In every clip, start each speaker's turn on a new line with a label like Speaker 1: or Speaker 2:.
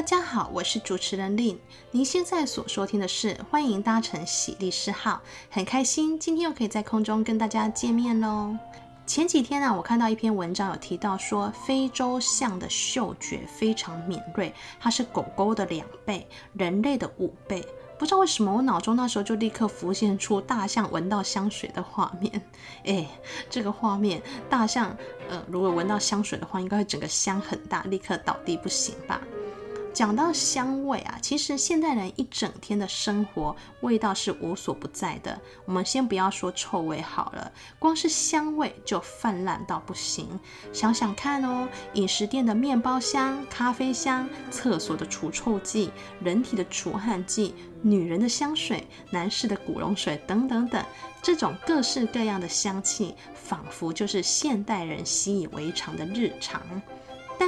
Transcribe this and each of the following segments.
Speaker 1: 大家好，我是主持人 Lynne。您現在所收聽的是歡迎搭乘喜利士號，很開心今天又可以在空中跟大家見面嘍。前幾天呢、啊，我看到一篇文章有提到說，非洲象的嗅覺非常敏銳，它是狗狗的兩倍，人類的五倍。不知道為什麼，我腦中那時候就立刻浮現出大象聞到香水的畫面。哎，這個畫面，大象呃，如果聞到香水的話，應該會整個香很大，立刻倒地不行吧？講到香味啊，其實現代人一整天的生活味道是無所不在的。我們先不要說臭味好了，光是香味就泛濫到不行。想想看哦，飲食店的麵包香、咖啡香，廁所的除臭劑，人體的除汗劑，女人的香水，男士的古龍水，等等等，這種各式各樣的香氣，仿佛就是現代人習以為常的日常。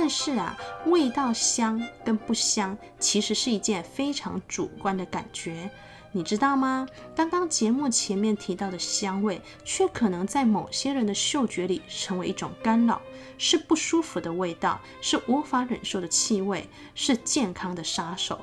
Speaker 1: 但是啊，味道香跟不香，其實是一件非常主觀的感覺，你知道嗎？剛剛節目前面提到的香味，卻可能在某些人的嗅覺裡成為一種干擾，是不舒服的味道，是無法忍受的氣味，是健康的殺手。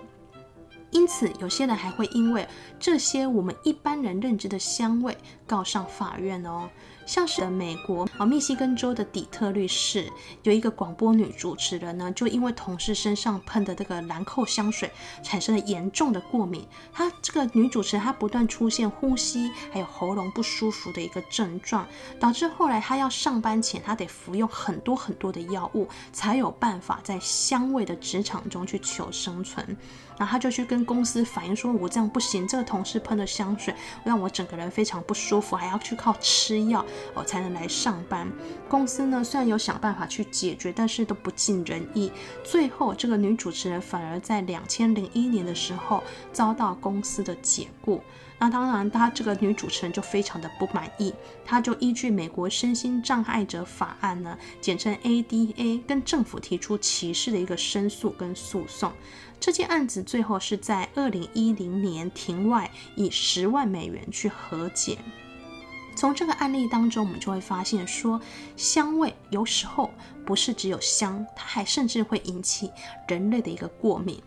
Speaker 1: 因此，有些人還會因為這些我們一般人認知的香味告上法院哦。像是美國密西根州的底特律市有一個廣播女主持人呢，就因為同事身上噴的這個蘭蔻香水，產生了嚴重的過敏。她這個女主持她不斷出現呼吸還有喉嚨不舒服的一個症狀，導致後來她要上班前，她得服用很多很多的藥物，才有辦法在香味的職場中去求生存。然後她就去跟公司反映說：“我這樣不行，這個同事噴的香水我讓我整個人非常不舒服，還要去靠吃藥。”我、哦、才能來上班。公司呢，雖然有想辦法去解決，但是都不盡人意。最後，這個女主持人反而在兩千零一年的時候遭到公司的解僱。那當然，她這個女主持人就非常的不滿意，她就依據美國身心障礙者法案呢，簡稱 ADA，跟政府提出歧視的一個申訴跟訴訟。這件案子最後是在二零一零年庭外以十萬美元去和解。從這個案例當中，我們就會發現說，香味有時候不是只有香，它還甚至會引起人類的一個過敏。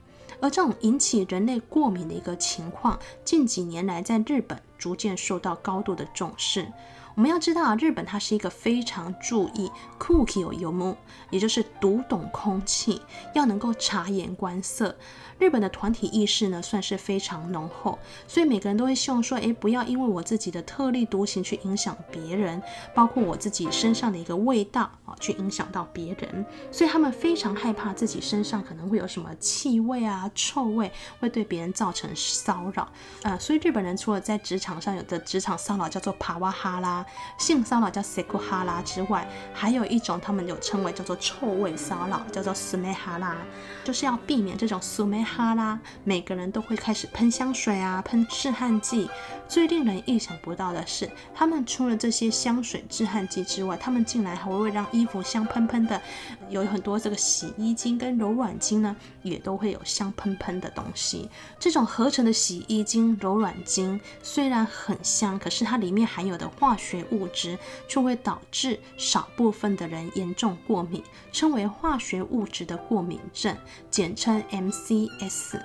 Speaker 1: 而這種引起人類過敏的一個情況，近幾年來在日本逐漸受到高度的重視。我們要知道啊，日本它是一個非常注意空気を読む，也就是讀懂空氣，要能夠察言觀色。日本的團體意識呢，算是非常濃厚，所以每個人都會希望說，哎，不要因為我自己的特立獨行去影響別人，包括我自己身上的一個味道啊，去影響到別人。所以他們非常害怕自己身上可能會有什麼氣味啊、臭味，會對別人造成騷擾。啊、呃，所以日本人除了在職場上有的職場騷擾叫做帕哇哈啦。性騷擾叫 sekuhala 之外，還有一種他們有稱為叫做臭味騷擾，叫做 smehala，就是要避免這種 smehala，每個人都會開始噴香水啊，噴止汗劑。最令人意想不到的是，他們除了這些香水、止汗劑之外，他們竟然還會讓衣服香噴噴的，有很多這個洗衣精跟柔軟精呢，也都會有香噴噴的東西。這種合成的洗衣精、柔軟精雖然很香，可是它裡面含有的化學學物質就會導致少部分的人嚴重過敏，稱為化學物質的過敏症，簡稱 MCS。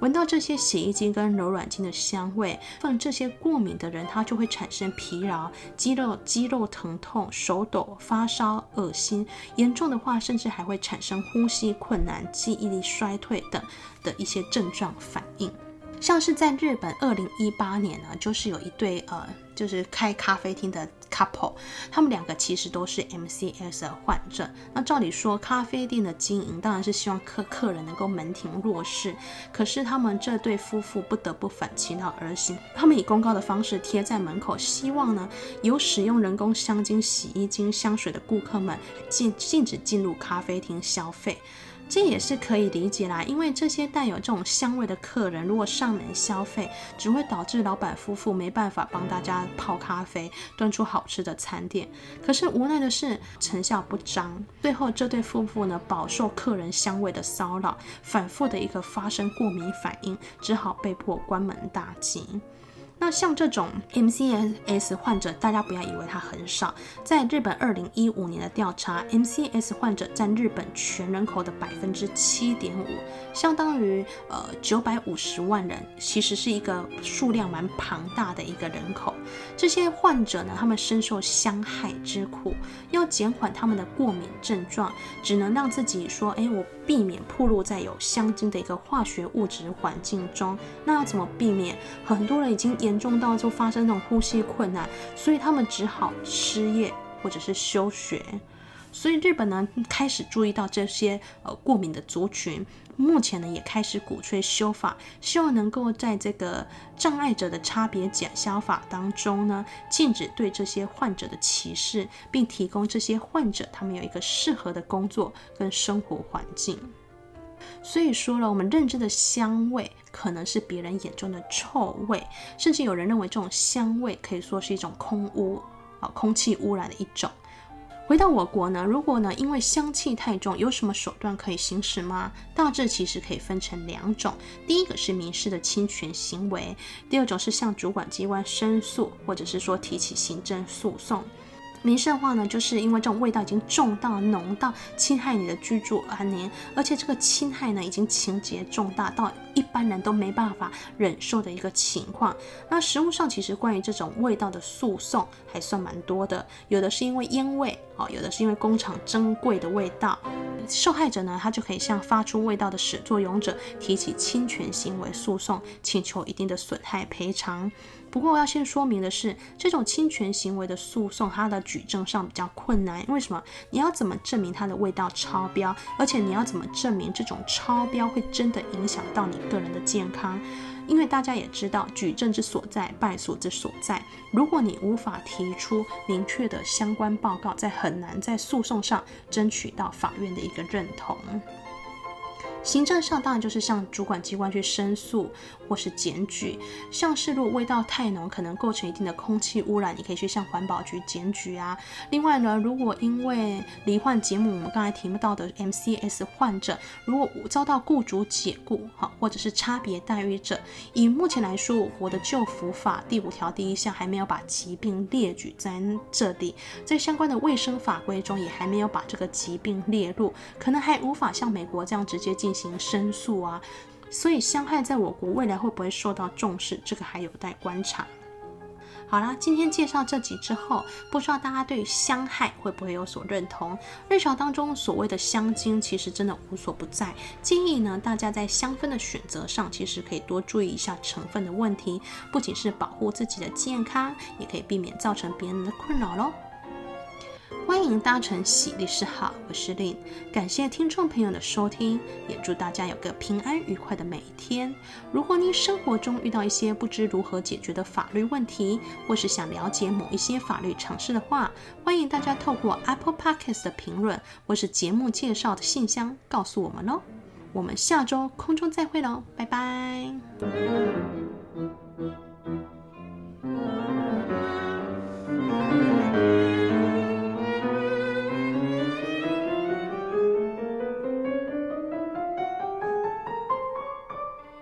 Speaker 1: 聞到這些洗衣精跟柔軟精的香味，放這些過敏的人，他就會產生疲勞、肌肉肌肉疼痛、手抖、發燒、噁心，嚴重的話甚至還會產生呼吸困難、記憶力衰退等的一些症狀反應。像是在日本，二零一八年呢，就是有一對呃，就是開咖啡廳的 couple，他們兩個其實都是 MCS 的患者。那照理說，咖啡店的經營當然是希望客客人能夠門庭若市，可是他們這對夫婦不得不反其道而行，他們以公告的方式貼在門口，希望呢有使用人工香精、洗衣精、香水的顧客們禁禁止進入咖啡廳消費。這也是可以理解啦，因為這些帶有這種香味的客人如果上門消費，只會導致老闆夫婦沒辦法幫大家泡咖啡，端出好吃的餐點。可是無奈的是成效不彰，最後這對夫婦呢飽受客人香味的騷擾，反覆的一個發生過敏反應，只好被迫關門大吉。那像這種 MCS 患者，大家不要以為他很少。在日本，二零一五年的調查，MCS 患者占日本全人口的百分之七點五，相當於呃九百五十萬人，其實是一個數量蠻龐大的一個人口。這些患者呢，他們深受香害之苦，要減緩他們的過敏症狀，只能讓自己說：哎、欸，我避免暴露在有香精的一個化學物質環境中。那要怎麼避免？很多人已經也。嚴重到就發生那種呼吸困難，所以他們只好失業或者是休學。所以日本呢開始注意到這些呃過敏的族群，目前呢也開始鼓吹修法，希望能夠在這個障礙者的差別減消法當中呢禁止對這些患者的歧視，並提供這些患者他們有一個適合的工作跟生活環境。所以說了，我們認知的香味可能是別人眼中的臭味，甚至有人認為這種香味可以說是一種空污啊、哦，空氣污染的一種。回到我國呢，如果呢因為香氣太重，有什麼手段可以行使嗎？大致其實可以分成兩種，第一個是民事的侵權行為，第二種是向主管機關申訴，或者是說提起行政訴訟。民事的話呢，就是因為這種味道已經重到濃到侵害你的居住安寧，而且這個侵害呢，已經情節重大到一般人都沒辦法忍受的一個情況。那實務上，其實關於這種味道的訴訟還算蠻多的，有的是因為煙味哦，有的是因為工廠珍貴的味道，受害者呢，他就可以向發出味道的始作俑者提起侵權行為訴訟，請求一定的損害賠償。不過，我要先說明的是，這種侵權行為的訴訟，它的舉證上比較困難。為什麼？你要怎麼證明它的味道超標？而且你要怎麼證明這種超標會真的影響到你個人的健康？因為大家也知道，舉證之所在，敗訴之所在。如果你無法提出明確的相關報告，在很難在訴訟上爭取到法院的一個認同。行政上當然就是向主管機關去申訴或是檢舉，像是如果味道太濃，可能構成一定的空氣污染，你可以去向環保局檢舉啊。另外呢，如果因為罹患節目我們剛才提到的 MCS 患者，如果遭到雇主解雇，好，或者是差別待遇者，以目前來說，我國的就服法第五條第一項還沒有把疾病列舉在這裡，在相關的衛生法規中也還沒有把這個疾病列入，可能還無法像美國這樣直接進。進行申訴啊，所以香害在我國未來會不會受到重視，這個還有待觀察。好啦，今天介紹這集之後，不知道大家對於香害會不會有所認同？日常當中所謂的香精，其實真的無所不在。建議呢，大家在香氛的選擇上，其實可以多注意一下成分的問題，不僅是保護自己的健康，也可以避免造成別人的困擾嘍。歡迎搭乘喜律師號，我是 Lynne。感謝聽眾朋友的收聽，也祝大家有個平安愉快的每一天。如果你生活中遇到一些不知如何解決的法律問題，或是想了解某一些法律常識的話，歡迎大家透過 Apple Podcast 的評論或是節目介紹的信箱告訴我們哦，我們下周空中再會嘍，拜拜。